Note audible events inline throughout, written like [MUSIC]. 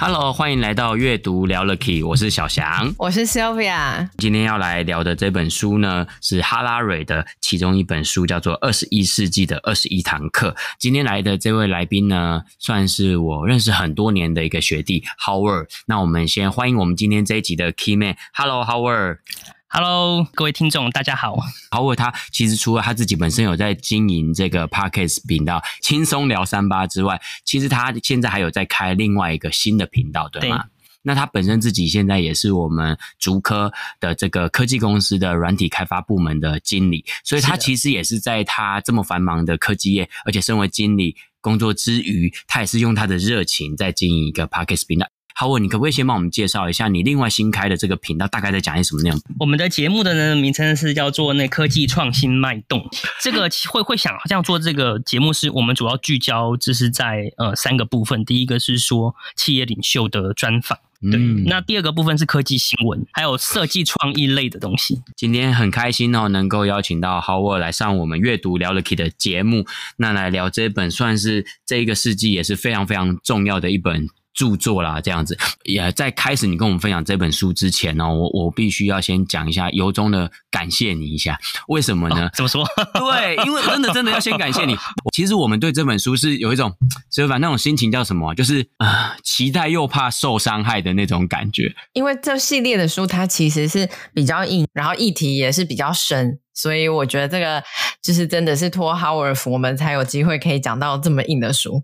Hello，歡迎來到閱讀聊了 Key，我是小翔，我是 Sylvia。今天要來聊的這本書呢，是哈拉瑞的其中一本書，叫做《二十一世紀的二十一堂課》。今天來的這位來賓呢，算是我認識很多年的一個學弟 Howard。那我們先歡迎我們今天這一集的 Keyman，Hello, Howard。Hello, How Hello，各位聽眾，大家好。Howard 他，其實除了他自己本身有在經營這個 podcast 頻道“輕鬆聊三八”之外，其實他現在還有在開另外一個新的頻道，對嗎？對，那他本身自己現在也是我們竹科的這個科技公司的軟體開發部門的經理，所以他其實也是在他這麼繁忙的科技業，的而且身為經理工作之餘，他也是用他的熱情在經營一個 podcast 頻道。Howard 你可不可以先幫我們介紹一下你另外新開的這個頻道，大概在講些什麼內容？我們的節目的呢名稱是叫做《那科技創新脈動》。這個會會想這樣做，這個節目是我們主要聚焦，就是在呃三個部分。第一個是說企業領袖的專訪，對。嗯、那第二個部分是科技新聞，還有設計創意類的東西。今天很開心哦，能夠邀請到 Howard 來上我們閱讀《Lucky》的節目，那來聊這本算是這一個世紀也是非常非常重要的一本著作啦，這樣子也、yeah, 在開始你跟我們分享這本書之前呢、喔，我我必須要先講一下，由衷的感謝你一下。為什麼呢？怎、哦、麼說？ [LAUGHS] 對，因為真的真的要先感謝你。其實我們對這本書是有一種，所以反正那種心情叫什麼、啊？就是啊、呃，期待又怕受傷害的那種感覺。因為這系列的書，它其實是比較硬，然後議題也是比較深，所以我覺得這個就是真的是托 Howard 福，我們才有機會可以講到這麼硬的書。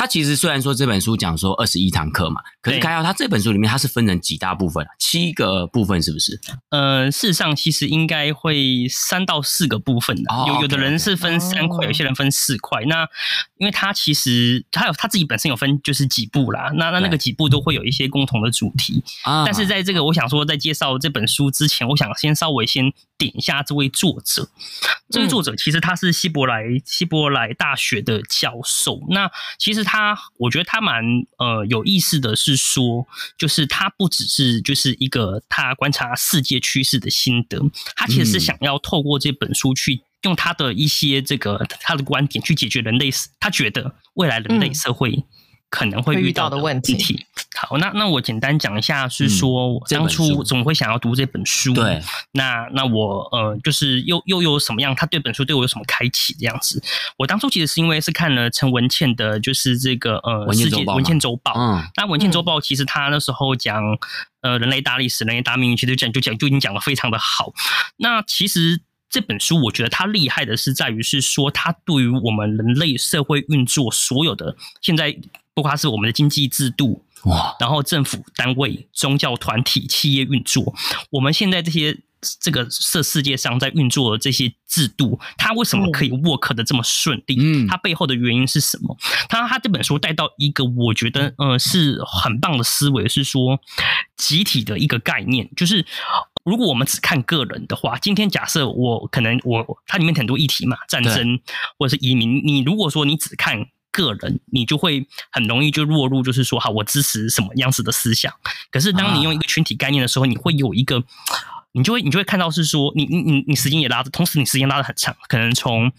他其實雖然說這本書講說二十一堂課嘛，可是看到他這本書裡面，他是分成幾大部分、啊，對七個部分是不是？呃，事實上其實應該會三到四個部分的、啊，哦、有有的人是分三塊，哦、有些人分四塊。哦、那因為他其實他有他自己本身有分就是幾部啦，那那那個幾部都會有一些共同的主題。對但是在這個我想說，在介紹這本書之前，哦、我想先稍微先點一下這位作者。嗯、這位作者其實他是希伯來希伯來大學的教授，那其實。他我覺得他蠻呃有意思的是說，就是他不只是就是一個他觀察世界趨勢的心得，他其實是想要透過這本書去用他的一些這個他的觀點去解決人類，他覺得未來人類社會。嗯可能會遇，會遇到的問題。好，那那我簡單講一下，是說、嗯、我當初怎麼會想要讀這本書？對，那那我呃，就是又又有什麼樣？他對本書對我有什麼開啟這樣子？我當初其實是因為是看了陳文茜的，就是這個呃，世界文茜周報、報。嗯、那文茜周報其實他那時候講呃，人類大歷史、人類大命運，其實講就講就，就已經講得非常的好。那其實這本書我覺得它厲害的是在於是說它對於我們人類社會運作所有的現在。不光是我們的經濟制度，哇！然後政府單位、宗教團體、企業運作，我們現在這些這個這世界上在運作的這些制度，它為什麼可以 work 的這麼順利、哦？嗯，它背後的原因是什麼？它它這本書帶到一個我覺得嗯、呃、是很棒的思維，是說集體的一個概念，就是如果我們只看個人的話，今天假設我可能我它裡面很多議題嘛，戰爭對或者是移民，你如果說你只看。個人，你就會很容易就落入，就是說，好，我支持什麼樣子的思想。可是，當你用一個群體概念的時候，你會有一個，你就會，你就會看到是說，你你你你時間也拉得，同時你時間拉得很長，可能從。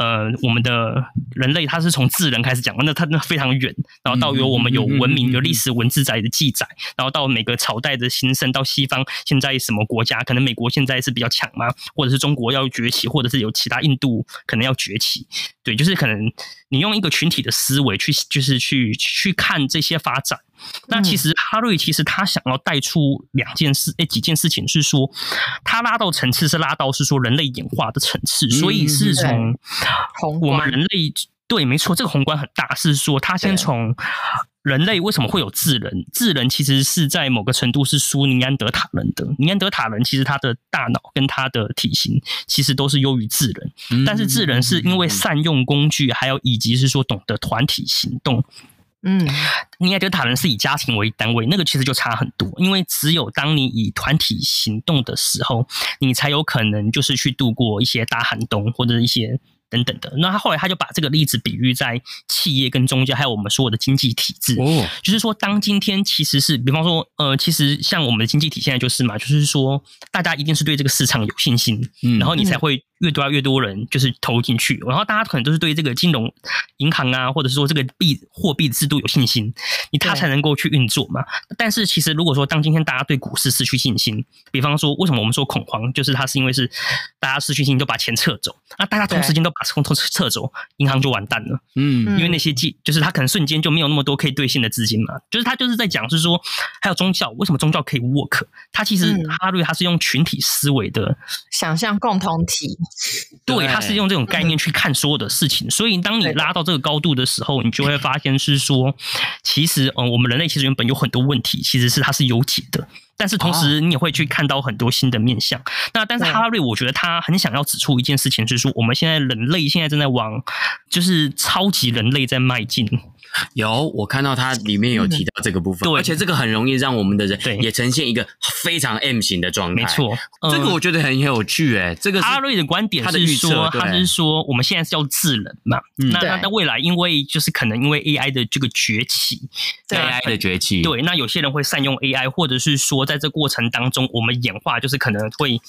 呃，我們的人類它，是從智人開始講，那它那非常遠，然後到有我們有文明、嗯嗯嗯嗯嗯、有歷史文字在的記載，然後到每個朝代的興盛，到西方現在什麼國家，可能美國現在是比較強嘛，或者是中國要崛起，或者是有其他印度可能要崛起，對，就是可能你用一個群體的思維去，就是去去看這些發展。嗯、那其實哈瑞其實他想要帶出兩件事誒、欸，幾件事情是說他拉到層次是拉到是說人類演化的層次，嗯、所以是從。宏觀，我們人類對，沒錯，這個宏觀很大，是說他先從人類為什麼會有智人？智人其實是在某個程度是輸尼安德塔人的，尼安德塔人其實他的大腦跟他的體型其實都是優於智人，但是智人是因為善用工具，還有以及是說懂得團體行動。嗯，尼安德塔人是以家庭為單位，那個其實就差很多，因為只有當你以團體行動的時候，你才有可能就是去度過一些大寒冬或者一些，等等的，那他後來他就把這個例子比喻在企業跟中介，還有我們所有的經濟體制，oh. 就是說，當今天其實是，比方說，呃，其實像我們的經濟體現在就是嘛，就是說，大家一定是對這個市場有信心，mm hmm. 然後你才會，越多、啊、越多人就是投進去，然後大家可能都是對這個金融、銀行啊，或者是說這個幣貨幣制度有信心，你他才能夠去運作嘛。對但是其實如果說當今天大家對股市失去信心，比方說為什麼我們說恐慌，就是它是因為是大家失去信心都把錢撤走，啊，大家同時間都把錢都撤走，銀對行就完蛋了。嗯，因為那些金就是他可能瞬間就沒有那麼多可以兌現的資金嘛。就是他就是在講，就是說還有宗教，為什麼宗教可以 work？他其實阿瑞、嗯、他是用群體思維的想象共同體。對，他是用這種概念去看所有的事情，對所以當你拉到這個高度的時候，你就會發現是說，其實，嗯，我們人類其實原本有很多問題，其實是它是有解的。但是同時，你也會去看到很多新的面向。哦、那但是哈拉瑞，我覺得他很想要指出一件事情，就是說我們現在人類現在正在往就是超級人類在邁進。有，我看到他裡面有提到這個部分，對，而且這個很容易讓我們的人也呈現一個非常 M 型的狀態。沒錯對，這個我覺得很有趣，欸，哎，這個哈拉瑞的觀點是說，對他是說我們現在是叫智人嘛？對那那未來因為就是可能因為 AI 的這個崛起，AI 的崛起，對，那有些人會善用 AI，或者是說。在這過程當中，我們演化就是可能會，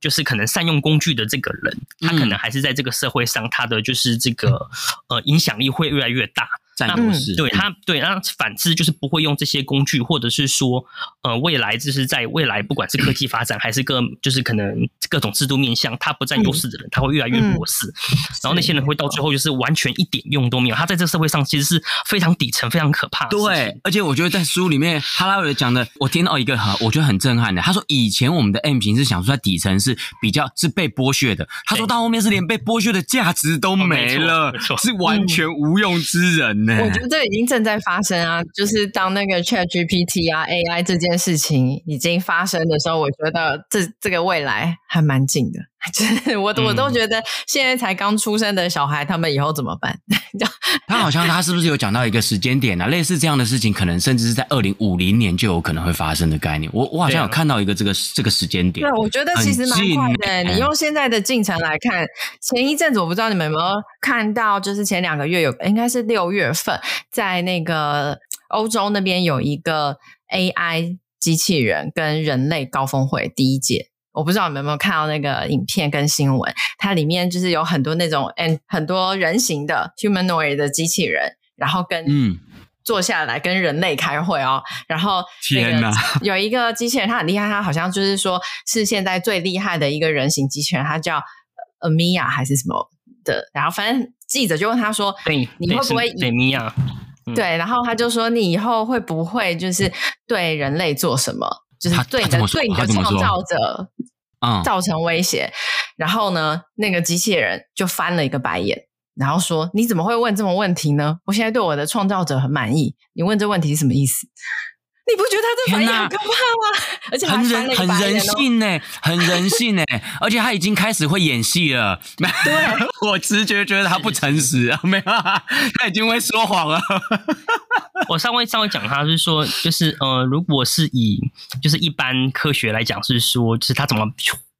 就是可能善用工具的這個人，他可能還是在這個社會上，他的就是這個呃影響力會越來越大。佔優勢。對，他對，那反之就是不會用這些工具，或者是說，呃，未來就是在未來，不管是科技發展、嗯、還是各，就是可能各種制度面向，他不佔優勢的人，嗯、他會越來越弱勢，嗯嗯、然後那些人會到最後就是完全一點用都沒有，他在這社會上其實是非常底層、非常可怕的。對，而且我覺得在書裡面哈拉瑞講的，我聽到一個哈，我覺得很震撼的，他說以前我們的 M 型是想說在底層是比較是被剝削的，他說到後面是連被剝削的價值都沒了，嗯哦、沒錯、沒錯，是完全無用之人的。嗯我覺得這已經正在發生啊，就是當那個 ChatGPT 啊 AI 這件事情已經發生的時候，我覺得這這個未來還蠻近的。真的，我 [LAUGHS] 我都覺得，現在才剛出生的小孩，嗯、他們以後怎麼辦？ [LAUGHS] 他好像他是不是有講到一個時間點呢、啊？類似這樣的事情，可能甚至是在二零五零年就有可能會發生的概念。我我好像有看到一個這個了這個時間點。對，我覺得其實蠻快的、欸。你用現在的進程來看，前一陣子我不知道你們有沒有看到，就是前兩個月有，應該是六月份，在那個歐洲那邊有一個 AI 機器人跟人類高峰會第一屆。我不知道你們有沒有看到那個影片跟新聞，它裡面就是有很多那種，很多人形的 humanoid 的機器人，然後跟、嗯、坐下來跟人類開會哦。然後、那個、天哪， [LAUGHS] 有一個機器人，它很厲害，它好像就是說是現在最厲害的一個人形機器人，它叫 Amiya 還是什麼的。然後，反正記者就問他說：“對你會不會以對，對，、嗯、對，然後他就說：“你以後會不會就是對人類做什麼？”就是對你的他他對你的創造者造成威脅，嗯，然後呢，那個機器人就翻了一個白眼，然後說：“你怎麼會問這麼問題呢？我現在對我的創造者很滿意，你問這問題是什麼意思？”你不覺得他這反應很可怕嗎？而且、啊、很人很人性呢，很人性呢、欸，性欸、 [LAUGHS] 而且他已經開始會演戲了。對， [LAUGHS] 我直覺覺得他不誠實啊，沒有，他已經會說謊了。 [LAUGHS] 我上回上回講他，是說就是呃，如果是以就是一般科學來講，是說就是他怎麼。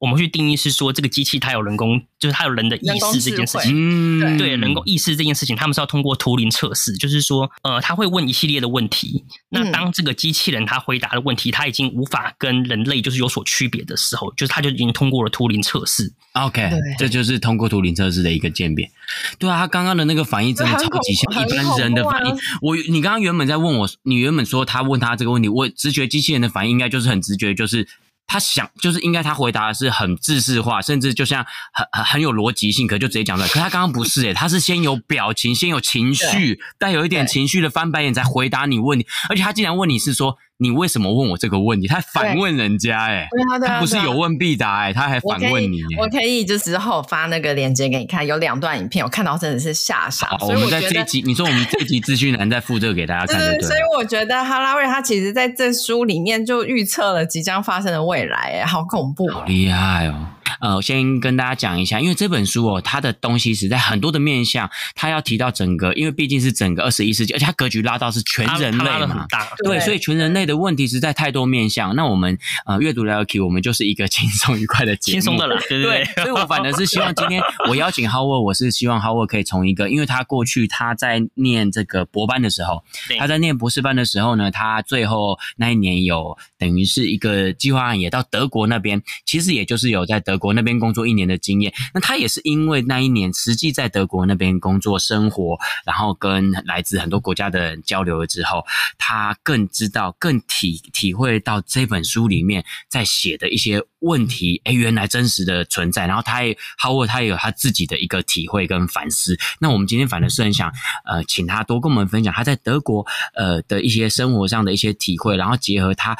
我們去定義是說，這個機器它有人工，就是它有人的意識這件事情。嗯、對，人工意識這件事情，他們是要通過圖靈測試，就是說，呃，他會問一系列的問題。那當這個機器人他回答的問題，他已經無法跟人類就是有所區別的時候，就是他就已經通過了圖靈測試。OK，對這就是通過圖靈測試的一個鑑別。對啊，他剛剛的那個反應真的超級像一般人的反應。嗯嗯、我，你剛剛原本在問我，你原本說他問他這個問題，我直覺機器人的反應應該就是很直覺，就是。他想就是應該他回答的是很制式化，甚至就像很很很有邏輯性，可就直接講出來。可他剛剛不是誒、欸，他是先有表情，先有情緒，對帶有一點情緒的翻白眼，才回答你對問題。而且他竟然問你是說。你為什麼問我這個問題？他還反問人家哎、欸，啊啊啊、他不是有問必答哎、欸，他還反問你、欸。我可以，就之後發那個鏈接給你看，有兩段影片，我看到真的是嚇傻。好我,我們在這一集， [LAUGHS] 你說我們這一集資訊欄在負責給大家看對。對,對對，所以我覺得哈拉瑞他其實在這書裡面就預測了即將發生的未來、欸，哎，好恐怖，好厲害哦。呃，我先跟大家講一下，因為這本書哦，它的東西實在很多的面向，它要提到整個，因為畢竟是整個二十一世紀，而且它格局拉到是全人類嘛，大，對，所以全人類的問題實在太多面向。那我們呃閱讀 Lucky，我們就是一個輕鬆愉快的節目，輕鬆的啦，對對，對，對？所以我反而是希望今天我邀請 Howard， [LAUGHS] 我是希望 Howard 可以從一個，因為他過去他在念這個博班的時候，對他在念博士班的時候呢，他最後那一年有等於是一個計劃案，也到德國那邊，其實也就是有在德。國那邊工作一年的經驗，那他也是因為那一年實際在德國那邊工作生活，然後跟來自很多國家的人交流了之後，他更知道、更體體會到這本書裡面在寫的一些問題，哎、欸，原來真實的存在。然後他也，Howard 他也有他自己的一個體會跟反思。那我們今天反而是很想，呃，請他多跟我們分享他在德國，呃，的一些生活上的一些體會，然後結合他。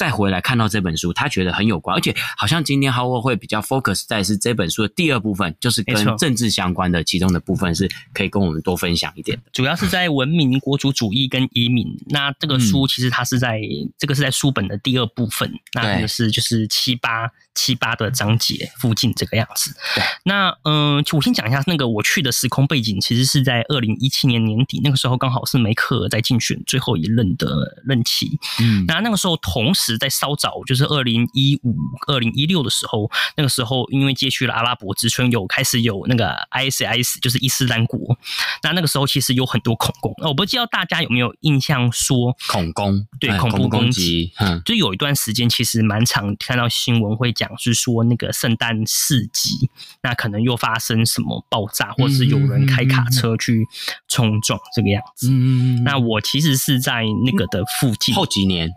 再回來看到這本書，他覺得很有關，而且好像今天 Howard 會比較 focus 在是這本書的第二部分，就是跟政治相關的其中的部分是可以跟我們多分享一點的。主要是在文明、國族主義跟移民。那這個書其實它是在、嗯、這個是在書本的第二部分，那也是就是七八。七八的章節附近這個樣子。對那嗯，我先講一下那個我去的時空背景，其實是在二零一七年年底，那個時候剛好是梅克爾在競選最後一任的任期。嗯，那那個時候同時在稍早，就是二零一五、二零一六的時候，那個時候因為接續了阿拉伯之春，有開始有那個 ISIS，IS, 就是伊斯蘭國。那那個時候其實有很多恐攻，我不知，不知道大家有沒有印象說，說恐攻對、哎、恐怖攻擊，攻嗯、就有一段時間其實蠻常，看到新聞會。講是說那個聖誕市集，那可能又發生什麼爆炸，或是有人開卡車去衝撞這個樣子。嗯，那我其實是在那個的附近，後幾年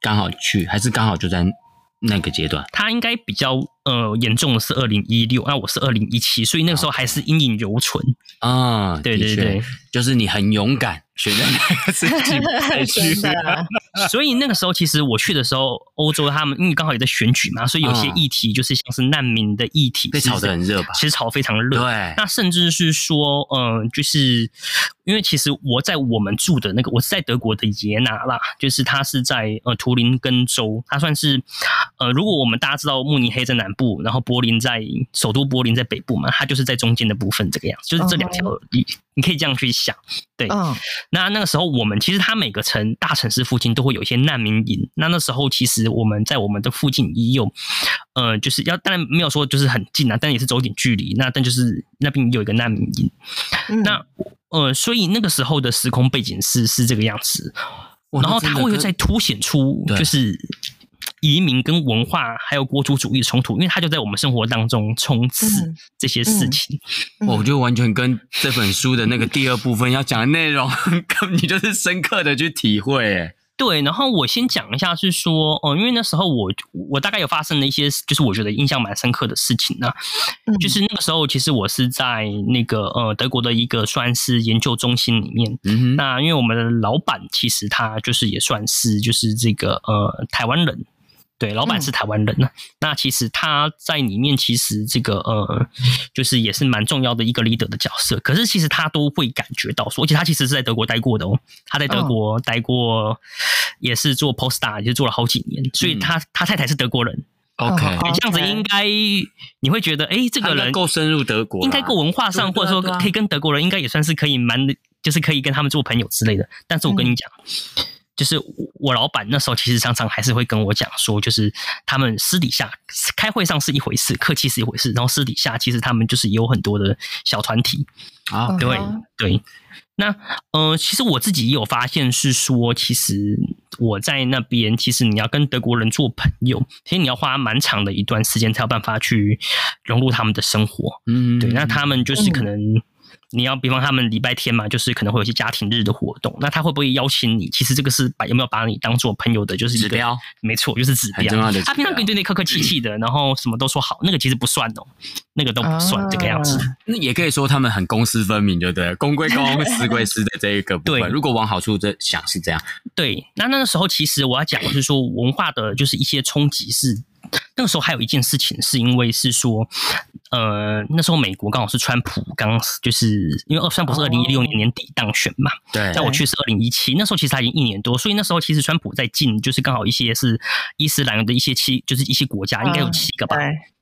剛好去，還是剛好就在那個階段，他應該比較。呃，嚴重的是二零一六，那我是二零一七，所以那個時候還是陰影猶存啊。Okay. 對，對對對，就是你很勇敢，選擇自己、啊 [LAUGHS] 的啊、 [LAUGHS] 所以那個時候，其實我去的時候，歐洲他們因為剛好也在選舉嘛，所以有些議題就是像是難民的議題、嗯、是是被炒得很熱吧？其實炒得非常熱。對，那甚至是說，嗯、呃，就是因為其實我在我們住的那個，我是在德國的耶拿啦，就是它是在呃圖林根州，它算是呃，如果我們大家知道慕尼黑在哪？部，然後柏林在首都柏林在北部嘛，它就是在中間的部分，這個樣子，就是這兩條，你你可以這樣去想。對，那那個時候我們其實它每個城大城市附近都會有一些難民營。那那時候其實我們在我們的附近也有，呃，就是要當然沒有說就是很近啊，但也是走點距離。那但就是那邊有一個難民營。那呃，所以那個時候的時空背景是是這個樣子，然後它會再凸顯出就是。移民跟文化還有國族主義衝突，因為他就在我們生活當中衝刺這些事情，嗯嗯嗯、我就完全跟這本書的那個第二部分要講的內容，嗯、 [LAUGHS] 你就是深刻的去體會。對，然後我先講一下，是說哦、呃，因為那時候我我大概有發生了一些，就是我覺得印象蠻深刻的事情呢、啊，嗯、就是那個時候其實我是在那個呃德國的一個算是研究中心裡面，嗯、哼那因為我們的老闆其實他就是也算是就是這個呃台灣人。對，老闆是台灣人呢。嗯、那其實他在裡面其實這個呃，就是也是蠻重要的一個 leader 的角色。可是其實他都會感覺到說，而且他其實是在德國待過的哦。他在德國待過，嗯、也是做 poststar，是做了好幾年。所以他，他、嗯、他太太是德國人。OK，這樣子應該你會覺得哎、欸，這個人夠深入德國，應該夠文化上，或者說可以跟德國人，應該也算是可以蠻，就是可以跟他們做朋友之類的。但是我跟你講。嗯就是我老闆那時候，其實常常還是會跟我講說，就是他們私底下開會上是一回事，客氣是一回事，然後私底下其實他們就是有很多的小團體啊。Uh-huh. 對對，那呃，其實我自己也有發現是說，其實我在那邊，其實你要跟德國人做朋友，其實你要花蠻長的一段時間才有辦法去融入他們的生活。嗯，Mm-hmm. 對，那他們就是可能。你要比方他們禮拜天嘛，就是可能會有一些家庭日的活動，那他會不會邀請你？其實這個是把有沒有把你當做朋友的，就是一個，指標，沒錯，就是指標。很重要的指標。他平常跟你對你客客氣氣的，嗯、然後什麼都說好，那個其實不算哦、喔，那個都不算這個樣子。啊、那也可以說他們很公私分明，對不對？公歸公，私歸私的這一個部分。 [LAUGHS] 對，如果往好處在想是這樣。對，那那個時候其實我要講就是說文化的，就是一些衝擊是。那個時候還有一件事情，是因為是說，呃，那時候美國剛好是川普剛就是因為川普是二零一六年年底當選嘛，哦、對，但我去是二零一七，那時候其實他已經一年多，所以那時候其實川普在進，就是剛好一些是伊斯蘭的一些七，就是一些國家，哦、應該有七個吧。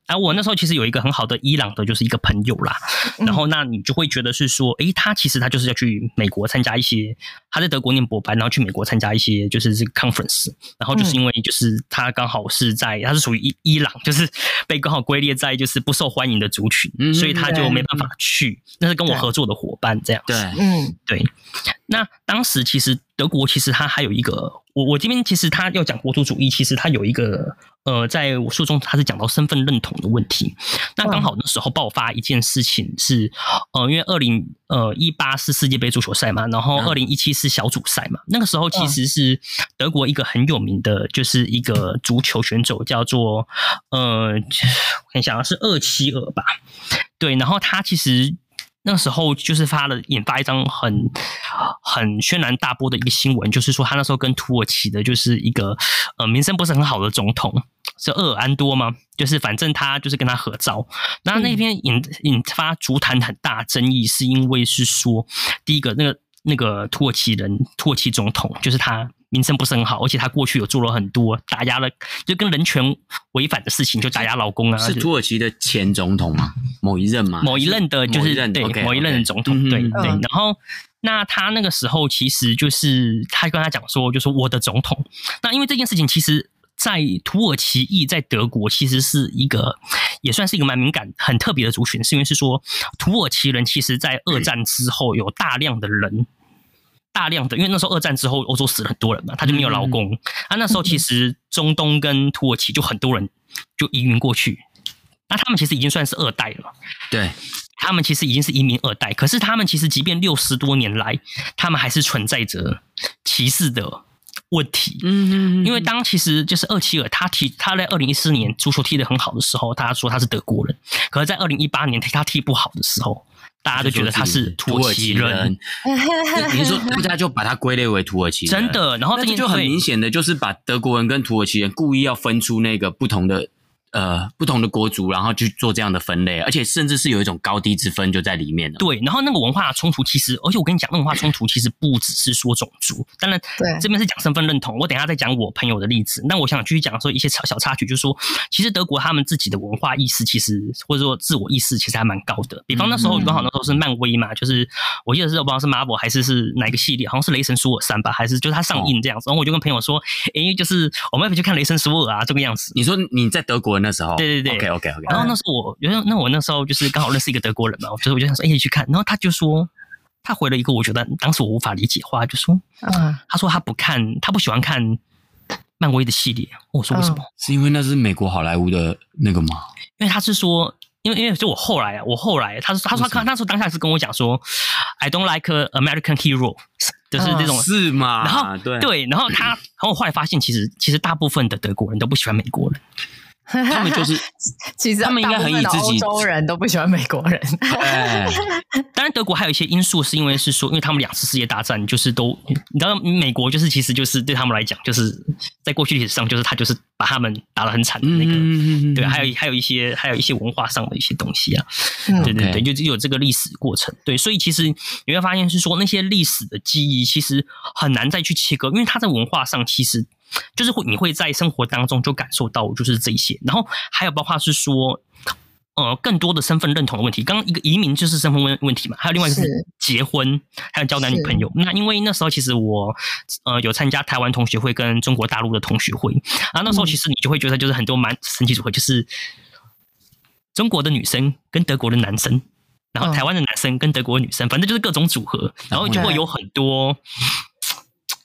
啊，我那時候其實有一個很好的伊朗的，就是一個朋友啦。嗯、然後那你就會覺得是說，誒、欸，他其實他就是要去美國參加一些，他在德國念博班，然後去美國參加一些就是這個 conference。然後就是因為就是他剛好是在，嗯、他是屬於伊伊朗，就是被剛好歸列在就是不受歡迎的族群，嗯、所以他就沒辦法去。那是跟我合作的夥伴這樣子，對。對，嗯，對。那當時其實德國其實他還有一個。我我這邊其實他要講國族主義，其實他有一個呃，在我書中他是講到身份認同的問題。那剛好那時候爆發一件事情是，呃，因為二零呃一八是世界杯足球賽嘛，然後二零一七是小組賽嘛，那個時候其實是德國一個很有名的，就是一個足球選手叫做呃，我想是厄齊爾吧，對，然後他其實。那時候就是發了引發一張很很軒然大波的一個新聞，就是說他那時候跟土耳其的就是一個呃名聲不是很好的總統是鄂爾安多嘛，就是反正他就是跟他合照。那那篇引引發足壇很大爭議，是因為是說第一個那個那個土耳其人土耳其總統就是他。名聲不是很好，而且他過去有做了很多打壓了，就跟人權違反的事情，就打壓勞工啊是。是土耳其的前總統嗎？某一任嘛。某一任，就是、某一任的，就是對，okay, okay. 某一任的總統，對、嗯、哼對。對 uh. 然後，那他那個時候，其實就是他跟他講說，就說、是、我的總統。那因為這件事情，其實在土耳其裔在德國其實是一個，也算是一個蠻敏感、很特別的族群，是因為是說土耳其人，其實在二戰之後有大量的人。嗯大量的，因為那時候二戰之後歐洲死了很多人嘛，他就沒有勞工。嗯、啊，那時候其實中東跟土耳其就很多人就移民過去，那他們其實已經算是二代了。對，他們其實已經是移民二代，可是他們其實即便六十多年來，他們還是存在着歧視的問題。嗯嗯，因為當其實就是厄齊爾他踢他在二零一四年足球踢得很好的時候，他說他是德國人。可是在二零一八年他踢不好的時候，大家都覺得他是土耳其人，你說， [LAUGHS] 說，大家就把他歸類為土耳其人， [LAUGHS] 真的。然後這個就很明顯的就是把德國人跟土耳其人故意要分出那個不同的。呃，不同的國族，然後去做這樣的分類，而且甚至是有一種高低之分，就在裡面了。對，然後那個文化衝突，其實，而且我跟你講，那文化衝突其實不只是說種族，當然，對，這邊是講身份認同。我等一下再講我朋友的例子。那我想繼續講說一些小、小插曲，就是說，其實德國他們自己的文化意識，其實或者說自我意識，其實還蠻高的。比方那時候剛好那時候是漫威嘛，就是我記得是我不知道是 Marvel 還是是哪一個系列，好像是雷神索爾三吧，還是就是他上映這樣子，哦，然後我就跟朋友說，哎，就是我們要不要去看雷神索爾啊？這個樣子。你說你在德國？那時候，對對對，OK OK OK。然後那時候我，那我那時候就是剛好認識一個德國人嘛，我覺得我就想說一起、欸、去看，然後他就說，他回了一個我覺得當時我無法理解的話，就說，uh, 他說他不看，他不喜歡看漫威的系列。我說為什麼？Uh, 是因為那是美國好萊塢的那個嗎？因為他是說，因為因為就我後來、啊，我後來他是，是他說他說看，那時候當下是跟我講說，I don't like American hero，uh, 就是這種是嗎？然後對對，然後他，然後我後來發現，其實其實大部分的德國人都不喜歡美國人。他們就是，其實他們應該很以自己，歐洲人都不喜歡美國人。當 [LAUGHS] 然、哎哎哎哎哎，德國還有一些因素，是因為是說，因為他們兩次世界大戰就是都，你知道，美國就是其實就是對他們來講，就是在過去歷史上，就是他就是把他們打得很慘的那個。嗯嗯嗯對，還有還有一些，還有一些文化上的一些東西啊。嗯、對對對，就有這個歷史過程。對，所以其實你會發現是說，那些歷史的記憶其實很難再去切割，因為他在文化上其實。就是會，你會在生活當中就感受到就是這一些，然後還有包括是說，呃，更多的身份認同的問題。剛剛一個移民就是身份問問題嘛，還有另外一個是結婚，還有交男女朋友。那因為那時候其實我呃有參加台灣同學會跟中國大陸的同學會啊，那時候其實你就會覺得就是很多蠻神奇組合，就是中國的女生跟德國的男生，然後台灣的男生跟德國的女生，反正就是各種組合，然後就會有很多。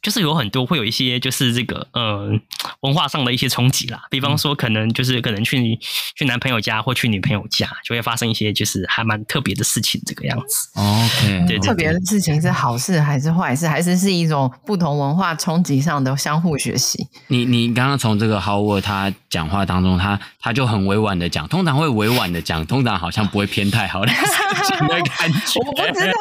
就是有很多會有一些，就是這個嗯，文化上的一些衝擊啦。比方說，可能就是可能去、嗯、去男朋友家或去女朋友家，就會發生一些就是還蠻特別的事情，這個樣子。哦，對，特別的事情是好事還是壞事，還是是一種不同文化衝擊上的相互學習？你你剛剛從這個 Howard 他講話當中，他他就很委婉的講，通常會委婉的講，通常好像不會偏太好的 [LAUGHS] [LAUGHS] 感覺我。我不知道，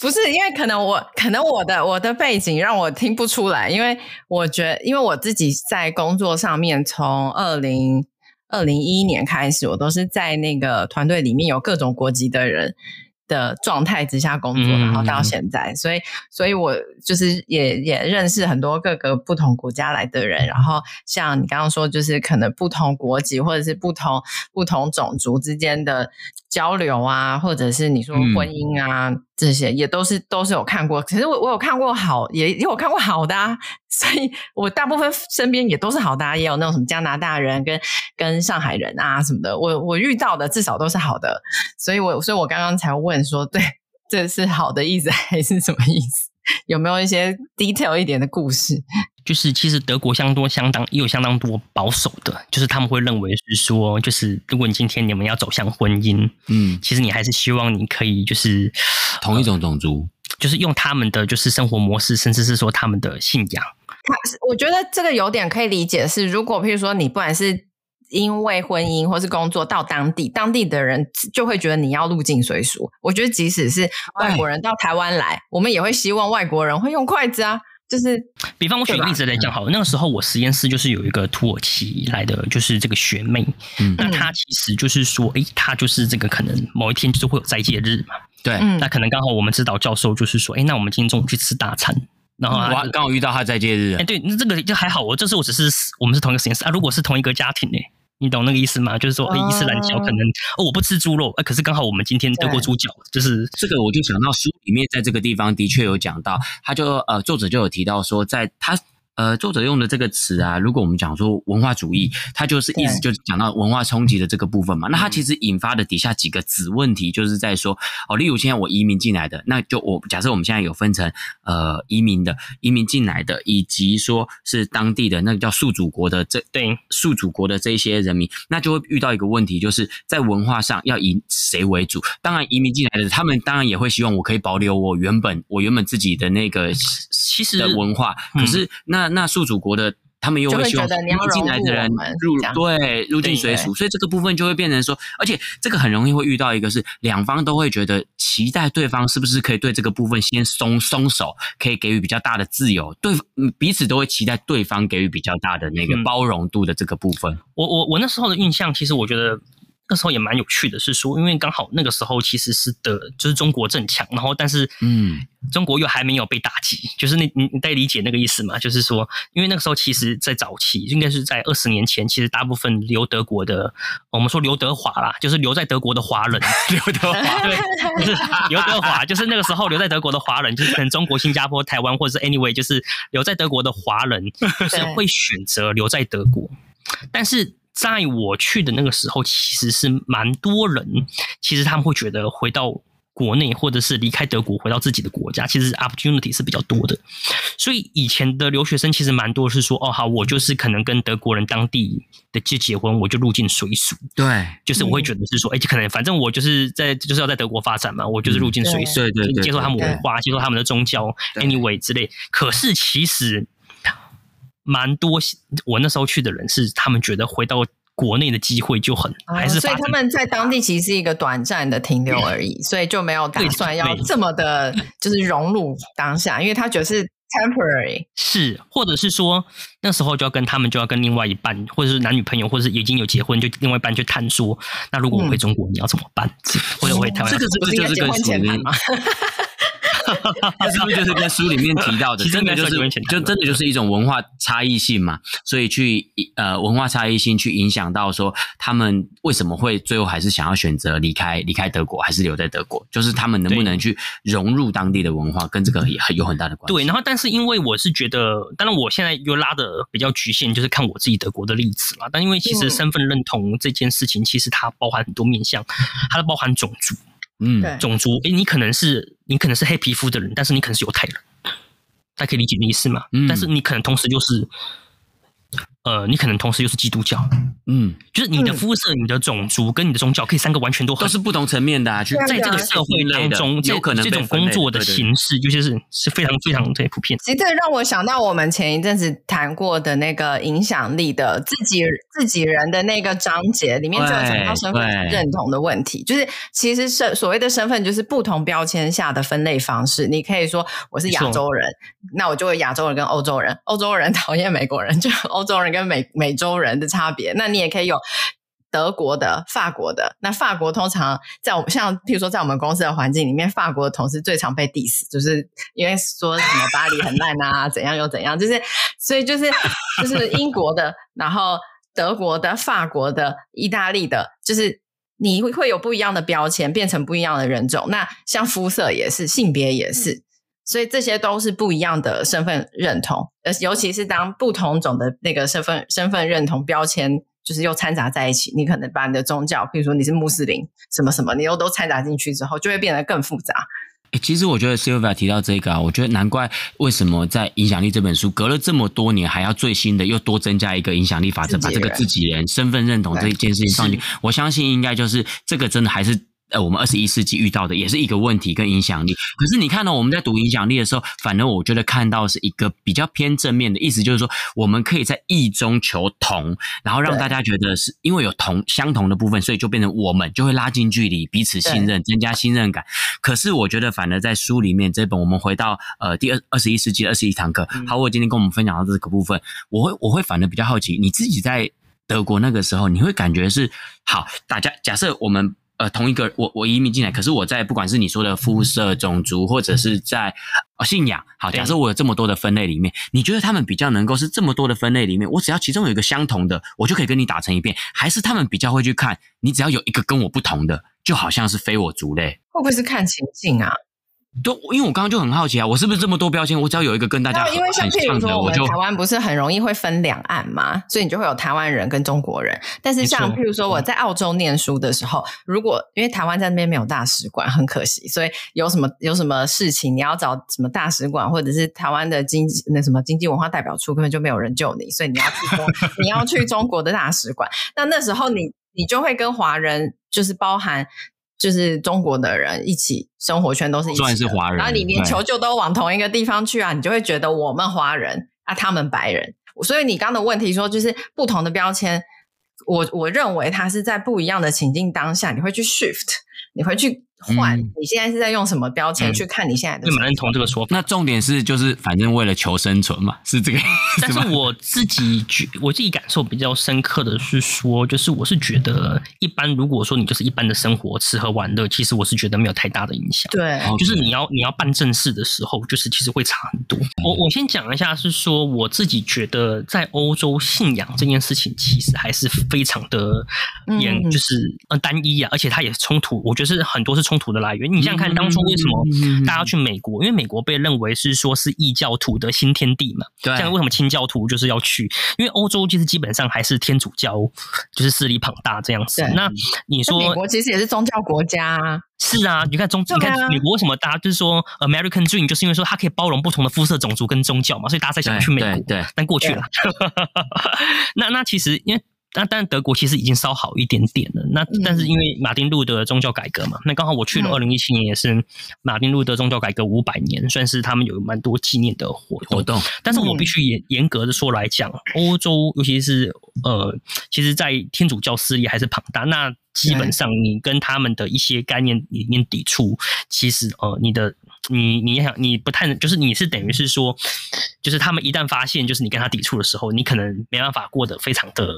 不是因為可能我可能我的我的背景讓我聽。不出來，因為我覺得，因為我自己在工作上面，從二零二零一一年開始，我都是在那個團隊裡面有各種國籍的人，的狀態之下工作，然後、嗯嗯嗯、到現在，所以，所以我就是也也認識很多各個不同國家來的人，然後像你剛剛說，就是可能不同國籍或者是不同不同種族之間的交流啊，或者是你說婚姻啊、嗯、這些，也都是都是有看過。可是我我有看過好，也也有看過好的，啊。所以我大部分身邊也都是好的、啊，也有那種什麼加拿大人跟跟上海人啊什麼的，我我遇到的至少都是好的，所以我所以我剛剛才問。說對，這是好的意思還是什麼意思？有沒有一些 detail 一點的故事？就是其實德國相多相當也有相當多保守的，就是他們會認為是說，就是如果你今天你們要走向婚姻，嗯，其實你還是希望你可以就是同一種種族、呃，就是用他們的就是生活模式，甚至是說他們的信仰。他是我覺得這個有點可以理解是，是如果譬如說你不管是因為婚姻或是工作到當地，當地的人就會覺得你要入境隨俗。我覺得即使是外國人到台灣來，哎、我們也會希望外國人會用筷子啊。就是，比方我舉個例子來講，好吧，那個時候我實驗室就是有一個土耳其來的，就是這個學妹，嗯、那她其實就是說，誒、哎、她就是這個可能某一天就是會有齋戒日嘛。對，嗯、那可能剛好我們指導教授就是說，誒、哎、那我們今天中午去吃大餐。然後剛、啊、好遇到他在戒日，哎、欸，對，那這個就還好。我就是，我只是我們是同一個實驗室啊。如果是同一個家庭、欸，哎，你懂那個意思嗎？就是說，嗯欸、伊斯蘭教可能哦，我不吃豬肉，啊、欸，可是剛好我們今天德國豬腳，對就是這個，我就想到書裡面在這個地方的確有講到，他就呃，作者就有提到說，在他。呃，作者用的這個詞啊，如果我們講說文化主義，它就是意思就是講到文化衝擊的這個部分嘛。對那它其實引發的底下幾個子問題，就是在說，哦，例如現在我移民進來的，那就我假設我們現在有分成呃移民的、移民進來的，以及說是當地的那個叫宿主國的這對宿主國的這一些人民，那就會遇到一個問題，就是在文化上要以誰為主？當然，移民進來的他們當然也會希望我可以保留我原本我原本自己的那個其實的文化，可是那。嗯那，那宿主國的他們又會希望，你進來的人，的對，入境隨俗，對對對，所以這個部分就會變成說，而且這個很容易會遇到一個是，兩方都會覺得期待對方是不是可以對這個部分先鬆鬆手，可以給予比較大的自由，對，彼此都會期待對方給予比較大的那個包容度的這個部分。我我我那時候的印象，其實我覺得。那時候也蠻有趣的，是說，因為剛好那個時候其實是德，就是中國正強，然後但是，嗯，中國又還沒有被打擊，就是那你你得理解那個意思嘛，就是說，因為那個時候其實，在早期，應該是在二十年前，其實大部分留德國的，我們說留德華啦，就是留在德國的華人，留 [LAUGHS] 德華，對， [LAUGHS] 不是劉德華，就是那個時候留在德國的華人，就是可能中國、新加坡、台灣，或者是 anyway，就是留在德國的華人，就是會選擇留在德國，對但是。在我去的那個時候，其實是蠻多人，其實他們會覺得回到國內或者是離開德國回到自己的國家，其實 opportunity 是比較多的。嗯、所以以前的留學生其實蠻多是說，哦，好，我就是可能跟德國人當地的結結婚，我就入境隨俗。對，就是我會覺得是說，哎、嗯欸，可能反正我就是在就是要在德國發展嘛，我就是入境隨俗，嗯、對接受他們文化，對接受他們的宗教對，anyway 之類。可是其實。蠻多，我那時候去的人是他們覺得回到國內的機會就很，啊、還是，所以他們在當地其實是一個短暫的停留而已，嗯、所以就沒有打算要這麼的，就是融入當下，嗯、因為他覺得是 temporary，是，或者是說那時候就要跟他們就要跟另外一半，或者是男女朋友，或者是已經有結婚就另外一半去談說，那如果我回中國，嗯、你要怎麼辦？嗯、或者回台灣是這個是不是就是個死板嘛？嗯 [LAUGHS] [LAUGHS] 這是不是就是跟書裡面提到的？真的就是，就真的就是一種文化差異性嘛？所以去呃，文化差異性去影響到說，他們為什麼會最後還是想要選擇離開，離開德國還是留在德國？就是他們能不能去融入當地的文化，跟這個也有很大的關係。對，對，然後但是因為我是覺得，當然我現在又拉的比較侷限，就是看我自己德國的例子嘛。但因為其實身份認同這件事情，其實它包含很多面向，它是包含種族。 [LAUGHS] 嗯，種族，哎、欸，你可能是你可能是黑皮膚的人，但是你可能是猶太人，大家可以理解你的意思嘛？嗯，但是你可能同時就是。呃，你可能同時又是基督教，嗯，就是你的膚色、你的種族跟你的宗教可以三個完全都都是不同層面的，在這個社會當中，有可能這種工作的形式，就是是是非常非常的普遍。其實這讓我想到我們前一陣子談過的那個影響力的自己自己人的那個章節裡面，就有講到身份認同的問題，就是其實身所謂的身份就是不同標籤下的分類方式。你可以說我是亞洲人，那我就會亞洲人跟歐洲人，歐洲人討厭美國人，就歐洲人。跟美美洲人的差別，那你也可以有德國的、法國的。那法國通常在我們像，譬如說在我們公司的環境裡面，法國的同事最常被 diss，就是因為說什麼巴黎很爛啊， [LAUGHS] 怎樣又怎樣，就是所以就是就是英國的，然後德國的、法國的、意大利的，就是你會會有不一樣的標籤，變成不一樣的人種。那像膚色也是，性別也是。嗯所以這些都是不一樣的身份認同，而尤其是當不同種的那個身份身份認同標籤，就是又摻雜在一起，你可能把你的宗教，譬如說你是穆斯林，什麼什麼，你又都摻雜進去之後，就會變得更複雜。欸，其實我覺得 Sylvia 提到這個，啊，我覺得難怪為什麼在《影響力》這本書隔了這麼多年，還要最新的又多增加一個影響力法則，把這個自己人身份認同這一件事情上去。我相信應該就是這個真的還是。呃，我們二十一世紀遇到的也是一個問題跟影響力。可是你看到，喔、我們在讀影響力的時候，反而我覺得看到是一個比較偏正面的意思，就是說我們可以在異中求同，然後讓大家覺得是因為有同相同的部分，所以就變成我們就會拉近距離，彼此信任，增加信任感。可是我覺得反而在書裡面這本，我們回到呃第二二十一世紀的二十一堂課。好，Howard 今天跟我們分享到這個部分，我會我會反而比較好奇，你自己在德國那個時候，你會感覺是好？大家假設我們。呃，同一個我我移民進來，可是我在不管是你說的膚色、種族，或者是在、哦、信仰，好，假設我有這麼多的分類裡面，對你覺得他們比較能夠是這麼多的分類裡面，我只要其中有一個相同的，我就可以跟你打成一片，還是他們比較會去看你只要有一個跟我不同的，就好像是非我族類，會不會是看情境啊？對，因為我剛剛就很好奇啊，我是不是這麼多標籤？我只要有一個跟大家很因為，像譬如說的，我就我們台灣不是很容易會分兩岸嘛，就所以你就會有台灣人跟中國人。但是像譬如說我在澳洲念書的時候，錯如果因為台灣在那邊沒有大使館，很可惜，所以有什麼有什麼事情，你要找什麼大使館或者是台灣的經濟那什麼經濟文化代表處，根本就沒有人救你，所以你要去 [LAUGHS] 你要去中國的大使館。那那時候你你就會跟華人，就是包含。就是中國的人一起生活圈都是一起，起算是華人。然後你連求救都往同一個地方去啊，對你就會覺得我們華人啊，他們白人。所以你剛剛的問題說，就是不同的標籤，我我認為它是在不一樣的情境當下，你會去 shift。你回去換，嗯、你現在是在用什麼標籤、嗯、去看你現在的？蠻認同對對這個說法。那重點是，就是反正為了求生存嘛，是這個意思。但是我自己覺，我自己感受比較深刻的是說，就是我是覺得，一般如果說你就是一般的生活，吃喝玩樂，其實我是覺得沒有太大的影響。對，Okay. 就是你要你要辦正事的時候，就是其實會差很多。嗯、我我先講一下，是說我自己覺得，在歐洲信仰這件事情，其實還是非常的嚴，嗯、就是呃單一啊，而且它也是衝突。我覺得是很多是衝突的來源。你像看當初為什麼大家去美國，因為美國被認為是說是異教徒的新天地嘛？對，像為什麼清教徒就是要去？因為歐洲其實基本上還是天主教就是勢力龐大這樣子。那你說美國其實也是宗教國家？是啊，你看中你看美國為什麼大家就是說 American Dream，就是因為說它可以包容不同的膚色、種族跟宗教嘛，所以大家才想去美國。對，但過去了對對對 [LAUGHS] 那。那那其實因為。那當然，德國其實已經稍好一點點了。那但是因為馬丁路德宗教改革嘛，那剛好我去了二零一七年，也是馬丁路德宗教改革五百年，算是他們有蠻多紀念的活動活動。但是我必須嚴嚴格的說來講，歐、嗯、洲尤其是呃，其實在天主教勢力還是龐大。那基本上你跟他們的一些概念裡面抵觸，其實呃，你的。你你想你不太就是你是等於是說，就是他們一旦發現，就是你跟他抵觸的時候，你可能沒辦法過得非常的，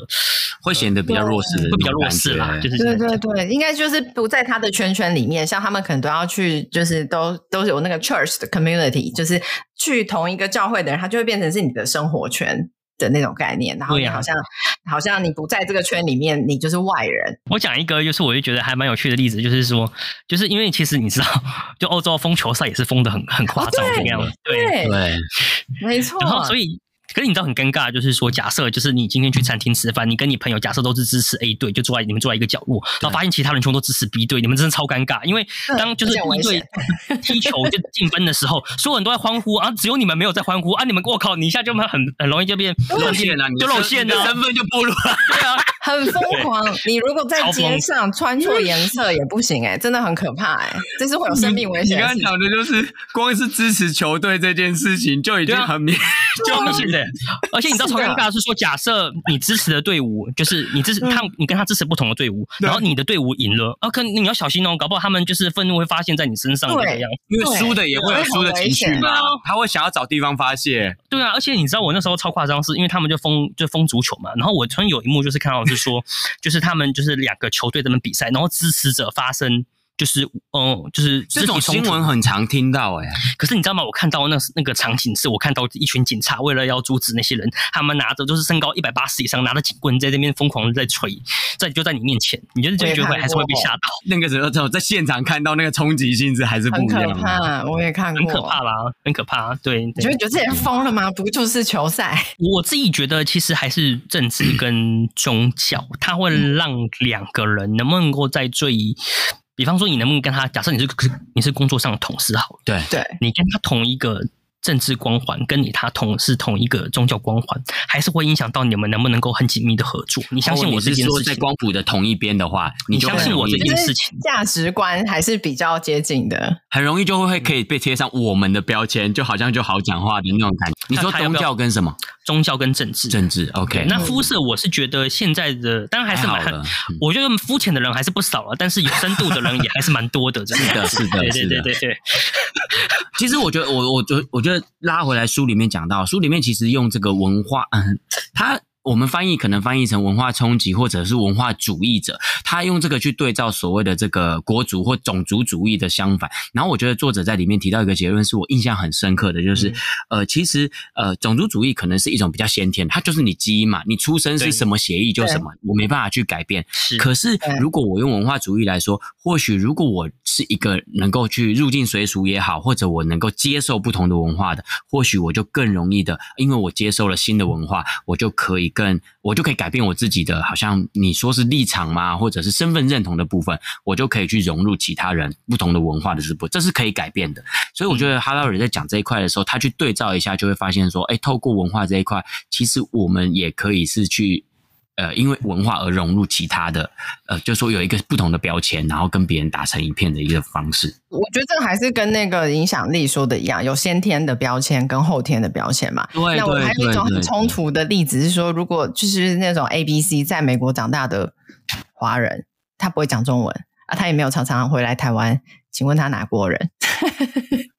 會顯得比較弱勢，會比較弱勢啦，就是。對對對，應該就是不在他的圈圈裡面，像他們可能都要去，就是都都有那個 church 的 community，就是去同一個教會的人，他就會變成是你的生活圈。的那種概念，然後你好像、啊、好像你不在這個圈裡面，你就是外人。我講一個，就是我就覺得還蠻有趣的例子，就是說，就是因為其實你知道，就歐洲瘋球賽也是瘋得很很誇張這樣的樣子，對、哦、對，沒錯。然後所以。可是你知道很尷尬，就是說，假設就是你今天去餐廳吃飯，你跟你朋友假設都是支持 A 隊，就坐在你們坐在一個角落，然後發現其他人全都支持 B 隊，你們真的超尷尬。因為當就是 B 隊踢球就進分的時候，所有人都在歡呼，啊，只有你們沒有在歡呼啊！你們我靠，你一下就很很容易就變露餡了，就露餡了你的身，你的身份就暴露了，對啊，很瘋狂。你如果在街上穿錯顏色也不行哎、欸，真的很可怕哎、欸，這是會有生命危險。你剛剛講的就是光是支持球隊這件事情就已經很明就明顯 [LAUGHS] 對而且你知道超尷尬是說，假設你支持的隊伍就是你支持、嗯、他，你跟他支持不同的隊伍，對然後你的隊伍贏了，啊，可你要小心哦，搞不好他們就是憤怒會發泄在你身上這樣，對對因為輸的也會有輸的情緒嘛、啊，他會想要找地方發泄。對啊，而且你知道我那時候超誇張，是因為他們就瘋就瘋足球嘛，然後我從有一幕就是看到是說， [LAUGHS] 就是他們就是兩個球隊在那比賽，然後支持者發生。就是，嗯、呃，就是這種新聞很常聽到哎、欸。可是你知道嗎？我看到那那個場景是，我看到一群警察為了要阻止那些人，他們拿着就是身高一百八十以上，拿着警棍在那邊瘋狂的在錘，在就在你面前，你就是覺得覺得會還是會被嚇到？那個時候在現場看到那個衝擊性質還是不一樣的很可怕啦。我也看過，很可怕啦，很可怕。對，對你覺得覺得這些人瘋了嗎？不就是球賽？ [LAUGHS] 我自己覺得，其實還是政治跟宗教，它會讓兩個人能不能夠在最。比方說，你能不能跟他，假設你是你是工作上的同事，好，對，你跟他同一個政治光環跟你他同是同一個宗教光環，還是會影響到你們能不能夠很緊密的合作？你相信我之前是在光譜的同一邊的話，你，你相信我這件事情價、就是、值觀還是比較接近的。很容易就會會可以被貼上我們的標籤，就好像就好講話的那種感覺。嗯、你說宗教跟什麼？宗教跟政治，政治 OK。那膚色我是覺得現在的，當然還是蠻，好嗯、我覺得膚淺的人還是不少了、啊，但是有深度的人也還是蠻多的。 [LAUGHS] 樣是的，是的，是的，對。 [LAUGHS] 其實我覺得，我，我，我，我。拉回來，書裡面講到，書裡面其實用這個文化，嗯，他。我們翻譯可能翻譯成文化衝擊，或者是文化主義者，他用這個去對照所謂的這個國族或種族主義的相反。然後我覺得作者在裡面提到一個結論，是我印象很深刻的，就是呃，其實呃，種族主義可能是一種比較先天的，它就是你基因嘛，你出生是什麼血裔就什麼，我沒辦法去改變。可是如果我用文化主義來說，或許如果我是一個能夠去入境隨俗也好，或者我能夠接受不同的文化的，或許我就更容易的，因為我接受了新的文化，我就可以。跟我就可以改變我自己的，好像你說是立場嘛，或者是身份認同的部分，我就可以去融入其他人不同的文化的這部分，這是可以改變的。所以我覺得哈拉瑞在講這一塊的時候，他去對照一下，就會發現說，哎、欸，透過文化這一塊，其實我們也可以是去。呃，因為文化而融入其他的，呃，就是說有一個不同的標籤，然後跟別人打成一片的一個方式。我覺得這個還是跟那個影響力說的一樣，有先天的標籤跟後天的標籤嘛。對，那我還有一種很衝突的例子是說，如果就是那種 ABC 在美國長大的華人，他不會講中文啊，他也沒有常常回來台灣，請問他哪國人？ [LAUGHS]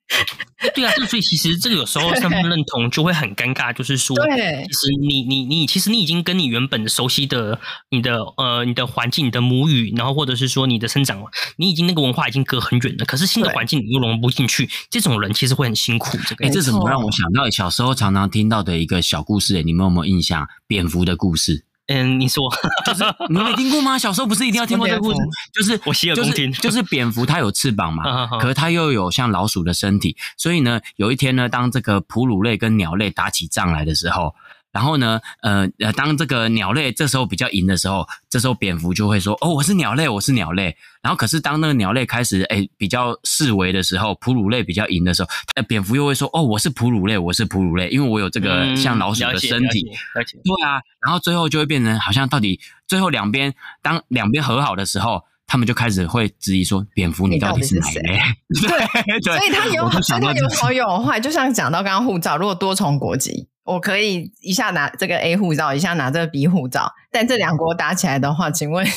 對啊，這所以其實這個有時候身份認同就會很尷尬，對就是說，對其實你你你，其實你已經跟你原本熟悉的你的呃你的環境、你的母語，然後或者是說你的生長，你已經那個文化已經隔很遠了。可是新的環境你又融不進去，對這種人其實會很辛苦。哎、這個錯，這怎麼讓我想到我小時候常常聽到的一個小故事？誒，你們有沒有印象？蝙蝠的故事。嗯，你說， [LAUGHS] 就是你沒聽過嗎？小時候不是一定要聽過這個故事嗎？就是我洗耳恭聽，就是，就是蝙蝠它有翅膀嘛， [LAUGHS] 呵呵呵，可是它又有像老鼠的身體，所以呢，有一天呢，當這個哺乳類跟鳥類打起仗來的時候，然後呢，呃呃，當這個鳥類這時候比較贏的時候，這時候蝙蝠就會說：“哦，我是鳥類，我是鳥類。”然後，可是當那個鳥類開始哎比較式微的時候，哺乳類比較贏的時候，蝙蝠又會說：“哦，我是哺乳類，我是哺乳類，因為我有這個像老鼠的身體。嗯”而且，對啊，然後最後就會變成好像到底最後兩邊當兩邊和好的時候，他們就開始會質疑說：“蝙蝠你，你到底是誰？” [LAUGHS] 對，對，所以它有好，他有好有壞， [LAUGHS] 就像講到剛剛護照，如果多重國籍。我可以一下拿這個 A 護照，一下拿這個 B 護照。但這兩國打起來的話，請問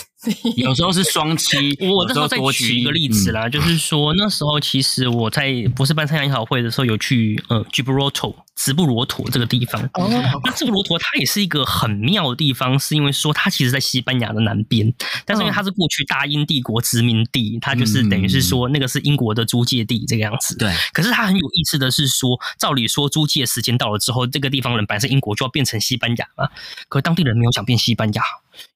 有時候是雙七，我那 [LAUGHS] 時候再舉一個例子啦，嗯、就是說那時候其實我在博士班參加研討會的時候有去，呃，Gibraltar 直布羅陀這個地方。哦，那直布羅陀它也是一個很妙的地方，是因為說它其實，在西班牙的南邊，但是因為它是過去大英帝國殖民地，它就是等於是說那個是英國的租借地這個樣子。嗯、對，可是它很有意思的是說，照理說租借時間到了之後，這個地方人本來是英國就要變成西班牙嘛，可當地人沒有想變西班。西班牙，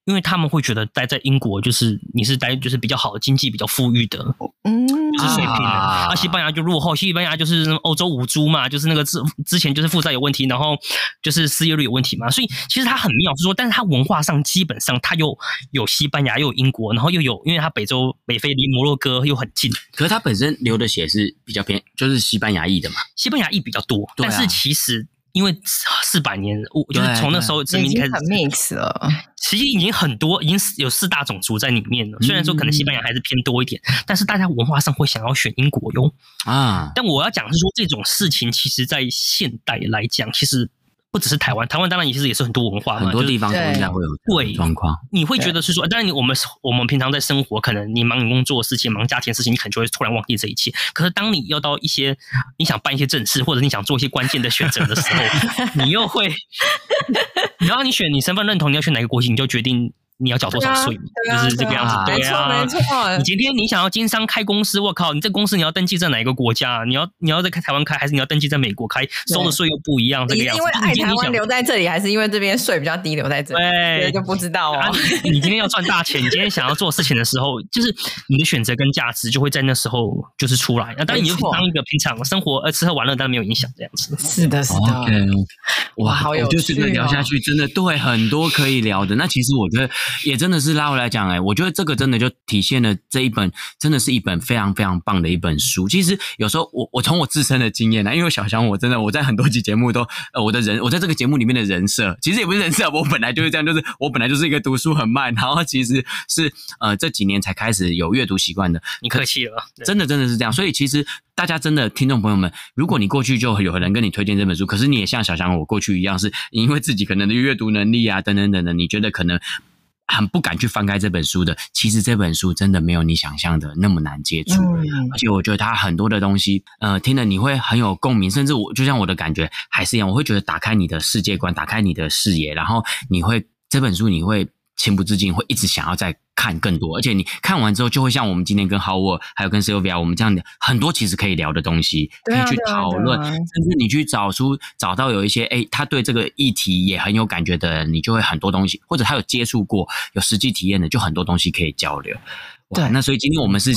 因為他們會覺得待在英國就是你是待就是比較好的經濟比較富裕的，嗯，就是水平，而、啊啊、西班牙就落後。西班牙就是歐洲五豬嘛，就是那個之之前就是負債有問題，然後就是失業率有問題嘛，所以其實它很妙，是說，但是它文化上基本上它又有西班牙又有英國，然後又有因為它北洲北非離摩洛哥又很近，可是它本身流的血是比較偏，就是西班牙裔的嘛，西班牙裔比較多，啊、但是其實。因為四百年，我就是從那時候殖民開始，已經很 mix 了。其實已經很多，已經有四大種族在裡面了。嗯、雖然說可能西班牙還是偏多一點，但是大家文化上會想要選英國喲啊。但我要講的是說這種事情，其實在現代來講，其實。不只是台灣，台灣當然其實也是很多文化，很多地方都應該會有狀況。你會覺得是說，對當然你我們我們平常在生活，可能你忙你工作的事情，忙家庭事情，你可能就會突然忘記這一切。可是當你要到一些 [LAUGHS] 你想辦一些正事，或者你想做一些關鍵的選擇的時候， [LAUGHS] 你又會，然後你選你身份認同，你要選哪個國籍，你就決定。你要繳多少稅，就是這個樣子。沒錯沒錯。你今天你想要經商開公司，我靠，你這公司你要登記在哪一個國家？你要你要在台灣開，還是你要登記在美國開？收的稅又不一樣。這個樣子。因為愛台灣留在這裡，還是因為這邊稅比較低留在這裡？對，就不知道哦。你今天要賺大錢，你今天想要做事情的時候，就是你的選擇跟價值就會在那時候就是出來。那當然你就當一個平常生活，呃，吃喝玩樂但沒有影響這樣子。是的，是的。哇，我就是再聊下去，真的對很多可以聊的。那其實我覺得。也真的是拉回來講哎，我覺得這個真的就體現了這一本，真的是一本非常非常棒的一本書。其實有時候我我從我自身的經驗來，因為小翔我真的，我在很多集節目都呃，我的人，我在這個節目裡面的人設其實也不是人設，我本來就是這樣，就是我本來就是一個讀書很慢，然後其實是呃這幾年才開始有閱讀習慣的。你客氣了，真的真的是這樣。所以其實大家真的聽眾朋友們，如果你過去就有人跟你推薦這本書，可是你也像小翔我過去一樣，是因為自己可能的閱讀能力啊等等等等，你覺得可能。很不敢去翻開這本書的，其實這本書真的沒有你想象的那麼難接觸，嗯、而且我覺得它很多的東西，呃，聽了你會很有共鳴，甚至我就像我的感覺還是一樣，我會覺得打開你的世界觀，打開你的視野，然後你會、嗯、這本書你會情不自禁會一直想要再。看更多，而且你看完之後就會像我們今天跟 Howard 還有跟 Covia 我們這樣的很多其實可以聊的東西，啊、可以去討論，啊啊啊、甚至你去找出找到有一些哎、欸、他對這個議題也很有感覺的，你就會很多東西，或者他有接觸過有實際體驗的，就很多東西可以交流。對，wow, 那所以今天我們是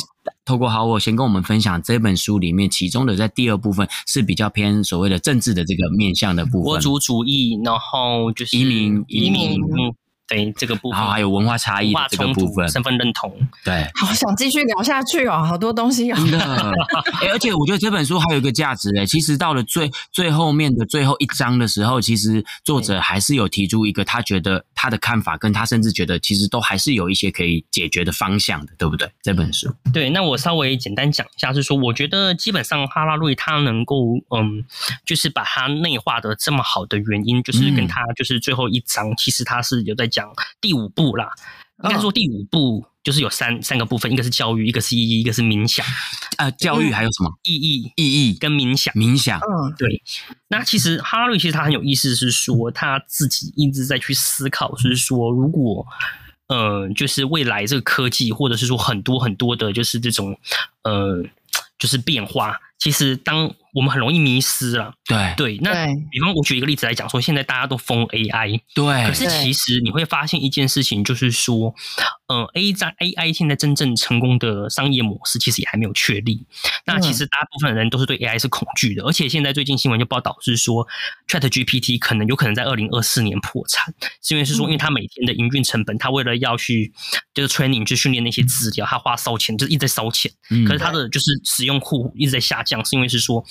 透過 Howard 先跟我們分享這本書裡面其中的在第二部分是比較偏所謂的政治的這個面向的部分，國族主義，然後就是移民，移民，移民。對，這個部分還有文化差異這個部分，身份認同，對，好想繼續聊下去哦、啊，好多東西、啊。真的 [LAUGHS] 而且我覺得這本書還有一個價值誒，其實到了最最後面的最後一章的時候，其實作者還是有提出一個他覺得他的看法，跟他甚至覺得其實都還是有一些可以解決的方向的，對不對？這本書？對，那我稍微簡單講一下，就是說我覺得基本上哈拉瑞他能夠嗯，就是把他內化的這麼好的原因，就是跟他就是最後一章，其實他是有在講。第五步啦，應該說第五步就是有三、哦、三個部分，一個是教育，一個是意義，一個是冥想。啊、呃，教育還有什麼意義？意義跟冥想，冥想。嗯，對。那其實哈拉瑞其實他很有意思，是說他自己一直在去思考，是說如果嗯、呃，就是未來這個科技，或者是說很多很多的，就是這種呃，就是變化。其實，當我們很容易迷失了。對對，那比方我舉一個例子來講，說現在大家都瘋 AI。對。可是其實你會發現一件事情，就是說，嗯，A 在 AI 現在真正成功的商業模式，其實也還沒有確立。那其實大部分人都是對 AI 是恐懼的，而且現在最近新聞就報道是說，ChatGPT 可能有可能在二零二四年破產，是因為是說，因為他每天的營運成本，他為了要去就是 training 去訓練那些資料，他花燒錢，就是一直在燒錢。可是他的就是使用戶一直在下降。講是因為是說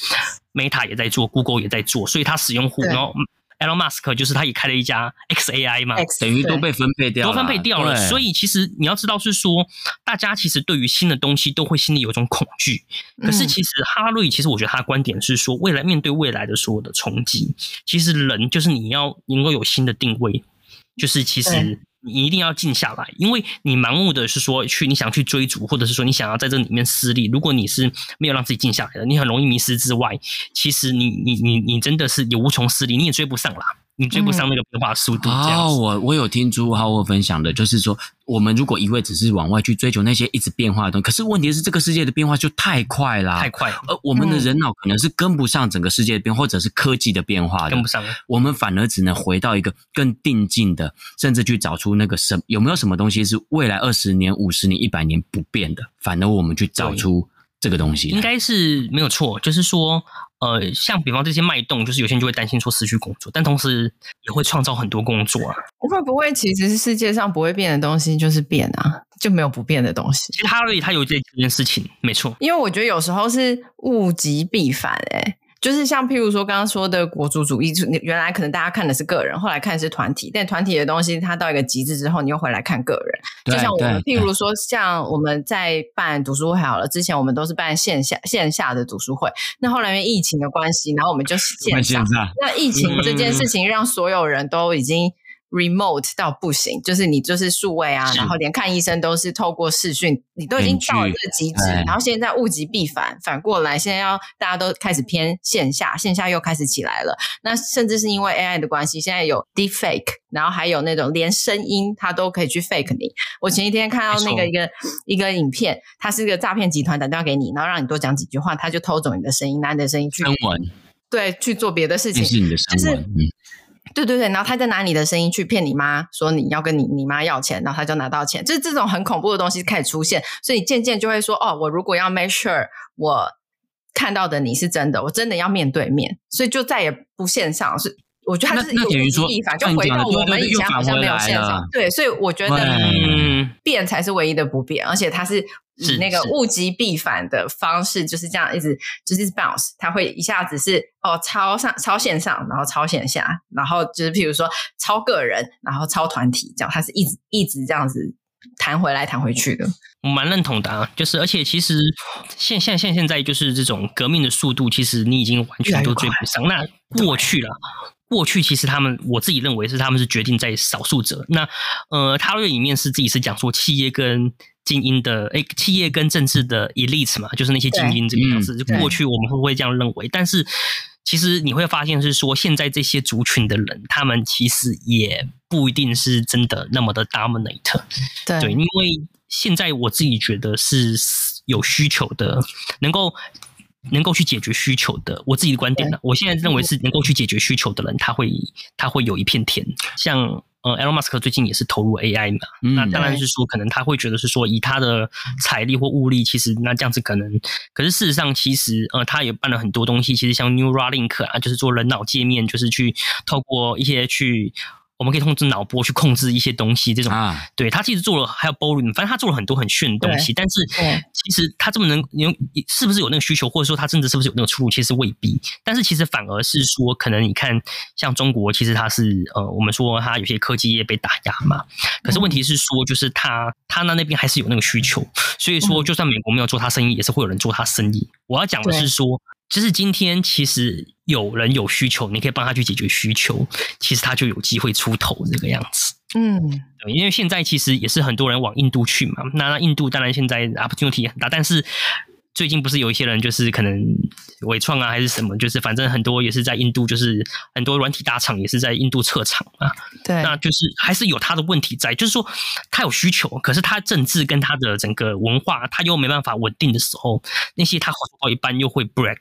，Meta 也在做，Google 也在做，所以它使用互，然後 Elon Musk 就是他也開了一家 XAI 嘛，對等於都被分配掉，都分配掉了。所以其實你要知道是說，大家其實對於新的東西都會心裡有一種恐懼。可是其實哈瑞其實我覺得他的觀點是說，未來面對未來的所有的衝擊，其實人就是你要能夠有新的定位，就是其實。你一定要靜下來，因為你盲目的是說去你想去追逐，或者是說你想要在這裡面失利。如果你是沒有讓自己靜下來的，你很容易迷失之外，其實你你你你真的是也無從失利，你也追不上啦。你追不上那個變化速度、嗯、哦！我我有聽朱浩沃分享的，就是說，我們如果一味只是往外去追求那些一直變化的東西，可是問題是，這個世界的變化就太快啦。太快了。而我們的人腦可能是跟不上整個世界的變化，或者是科技的變化的，跟不上。我們反而只能回到一個更定靜的，甚至去找出那個什麼，有沒有什麼東西是未來二十年、五十年、一百年不變的？反而我們去找出。這個東西應該是沒有錯，就是說，呃，像比方這些脈動，就是有些人就會擔心說失去工作，但同時也會創造很多工作啊。會不會其實是世界上不會變的東西就是變啊，就沒有不變的東西？其實他對，他有件一件事情，沒錯，因為我覺得有時候是物極必反欸，誒就是像譬如說剛剛說的國族主義，原來可能大家看的是個人，後來看的是團體，但團體的東西它到一個極致之後，你又回來看個人。對就像我們譬如說，像我們在辦讀書會好了，之前我們都是辦線下線下的讀書會，那後來因為疫情的關係，然後我們就線下，現那疫情這件事情讓所有人都已經。Remote 到不行，就是你就是數位啊，是然後連看醫生都是透過視訊，你都已經到了這極致，嗯、然後現在物極必反，反過來，現在要大家都開始偏線下，線下又開始起來了。那甚至是因為 AI 的關係，現在有 Deepfake，然後還有那種連聲音它都可以去 fake 你。我前一天看到那個一個 so, 一個影片，它是一個詐騙集團打電話給你，然後讓你多講幾句話，他就偷走你的聲音，拿你的聲音去聲紋，完對，去做別的事情，是你的聲對對對，然後他再拿你的聲音去騙你媽，說你要跟你你媽要錢，然後他就拿到錢，就是這種很恐怖的東西開始出現，所以你漸漸就會說，哦，我如果要 make sure 我看到的你是真的，我真的要面對面，所以就再也不線上。是，我覺得他是有反那，那等於說，就回到我們以前好像沒有線上，對，對，對，對，所以我覺得嗯，嗯變才是唯一的不變，而且他是。是，那個物極必反的方式，就是這樣一直就是 bounce，它會一下子是哦超上超線上，然後超線下，然後就是譬如說超個人，然後超團體，這樣它是一直一直這樣子彈回來彈回去的。我蠻認同的啊，就是而且其實現現現現在就是這種革命的速度，其實你已經完全都追不上，越越那過對去了。過去其實他們，我自己認為是他們是決定在少數者。那呃，他們裡面是自己是講說企業跟精英的，哎、欸，企業跟政治的 elite 嘛，就是那些精英這個樣子。對過去我們會不會這樣認為？對但是其實你會發現是說，現在這些族群的人，他們其實也不一定是真的那麼的 dominate 對。對，因為現在我自己覺得是有需求的，能夠。能夠去解決需求的，我自己的觀點呢、啊？對我現在認為是能夠去解決需求的人，他會他會有一片天。像呃，Elon Musk 最近也是投入 AI 嘛，嗯、那當然就是說可能他會覺得是說以他的財力或物力，其實那這樣子可能。可是事實上，其實呃，他也辦了很多東西。其實像 Neuralink 啊，就是做人腦界面，就是去透過一些去。我們可以通過腦波去控制一些東西，這種啊對，對他其實做了，還有包容，反正他做了很多很炫的東西，對但是，對其實他這麼能，你是不是有那個需求，或者說他真的是不是有那個出路，其實未必。但是其實反而是說，可能你看像中國，其實它是呃，我們說它有些科技業被打壓嘛，嗯、可是問題是說，就是他他那那邊還是有那個需求，所以說就算美國沒有做他生意，嗯、也是會有人做他生意。我要講的是說。就是今天，其實有人有需求，你可以幫他去解決需求，其實他就有機會出頭這個樣子。嗯，對，因為現在其實也是很多人往印度去嘛，那印度當然現在 opportunity 很大，但是。最近不是有一些人，就是可能偽創啊，還是什麼，就是反正很多也是在印度，就是很多軟體大廠也是在印度設廠嘛。對，那就是還是有他的問題在，就是說他有需求，可是他政治跟他的整個文化，他又沒辦法穩定的時候，那些他回報一般又會 break，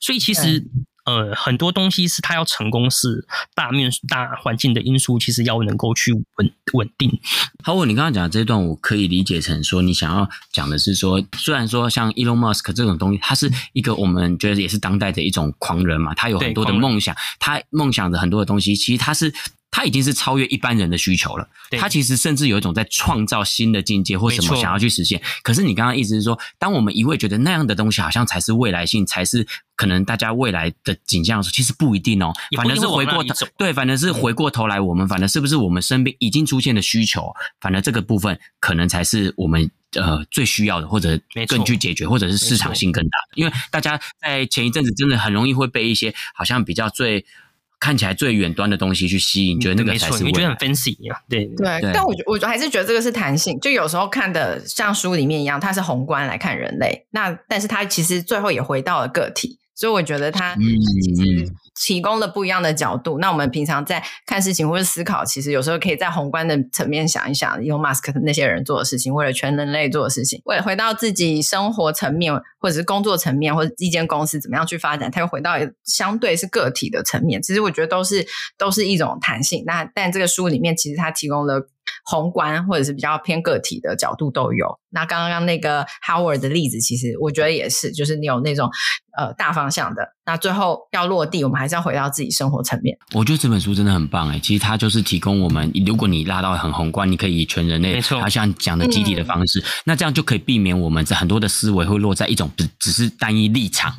所以其實。呃、嗯，很多東西是他要成功是是大面大環境的因素，其實要能夠去穩穩定。好，我你剛剛講的這一段，我可以理解成說，你想要講的是說，雖然說像 Elon Musk 這種東西，他是一個我們覺得也是當代的一種狂人嘛，他有很多的夢想，他夢想着很多的東西，其實他是。它已經是超越一般人的需求了。對它其實甚至有一種在創造新的境界或什麼想要去實現。錯可是你剛剛意思是說，當我們一味覺得那樣的東西好像才是未來性，才是可能大家未來的景象的時候，其實不一定哦。也不 反正是回過頭，對，反正是回過頭來，我們、嗯、反正是不是我們身邊已經出現的需求？反正這個部分可能才是我們呃最需要的，或者更去解決，或者是市場性更大的。因為大家在前一陣子真的很容易會被一些好像比較最。看起來最遠端的東西去吸引，嗯、覺得那個才是我，我覺得很 fancy 啊，對對，對，對，對，但我我還是覺得這個是彈性，就有時候看的像書裡面一樣，它是宏觀來看人類，那但是它其實最後也回到了個體。所以我覺得他其實提供了不一樣的角度。嗯、那我們平常在看事情或者思考，其實有時候可以在宏觀的層面想一想，用馬斯克那些人做的事情，或者全人類做的事情，為回到自己生活層面，或者是工作層面，或者是一間公司怎麼樣去發展，他又回到相對是個體的層面。其實我覺得都是都是一種彈性。那但這個書裡面其實他提供了。宏觀或者是比較偏個體的角度都有。那剛剛那個 Howard 的例子，其實我覺得也是，就是你有那種呃大方向的。那最後要落地，我們還是要回到自己生活層面。我覺得這本書真的很棒哎、欸，其實它就是提供我們，如果你拉到很宏觀，你可以，以全人類，沒錯錯，它像講的集體的方式，嗯、那這樣就可以避免我們這很多的思維會落在一種只只是單一立場。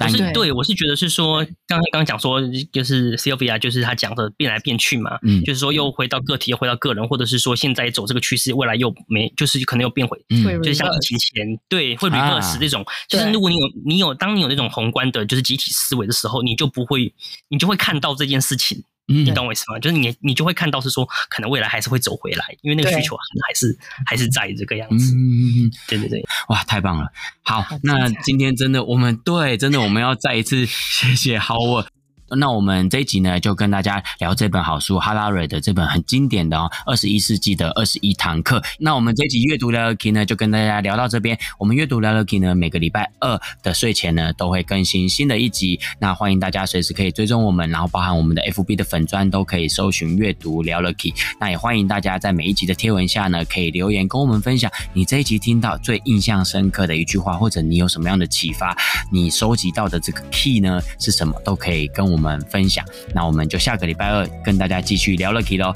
但是對，我是覺得是說，剛才剛講說就是 Covid 就是他講的變來變去嘛，嗯，就是說又回到個體，又回到個人，或者是說現在走這個趨勢，未來又沒，就是可能又變回，嗯、就是像疫情前對，會 reverse 這種，就是如果你有你有當你有那種宏觀的，就是集體，體。思維的時候，你就不會，你就會看到這件事情。嗯、你懂我意思嗎？就是你，你就會看到是說，可能未來還是會走回來，因為那個需求還是,對還,是還是在這個樣子。嗯嗯嗯，對對對，哇，太棒了！好，啊、那今天真的，我們對，真的我們要再一次 [LAUGHS] 謝謝好。那我們這一集呢，就跟大家聊這本好書，哈拉瑞的這本很經典的哦，二十一世紀的二十一堂課。那我們這一集閱讀聊聊 Key 呢，就跟大家聊到這邊。我們閱讀聊聊 Key 呢，每個禮拜二的睡前呢，都會更新新的一集。那歡迎大家隨時可以追蹤我們，然後包含我們的 FB 的粉專都可以搜尋閱讀聊聊 Key。那也歡迎大家在每一集的貼文下呢，可以留言跟我們分享你這一集聽到最印象深刻的一句話，或者你有什麼樣的啟發，你收集到的這個 key 呢是什麼，都可以跟我們。我們分享，那我們就下個禮拜二跟大家繼續聊樂奇嘍。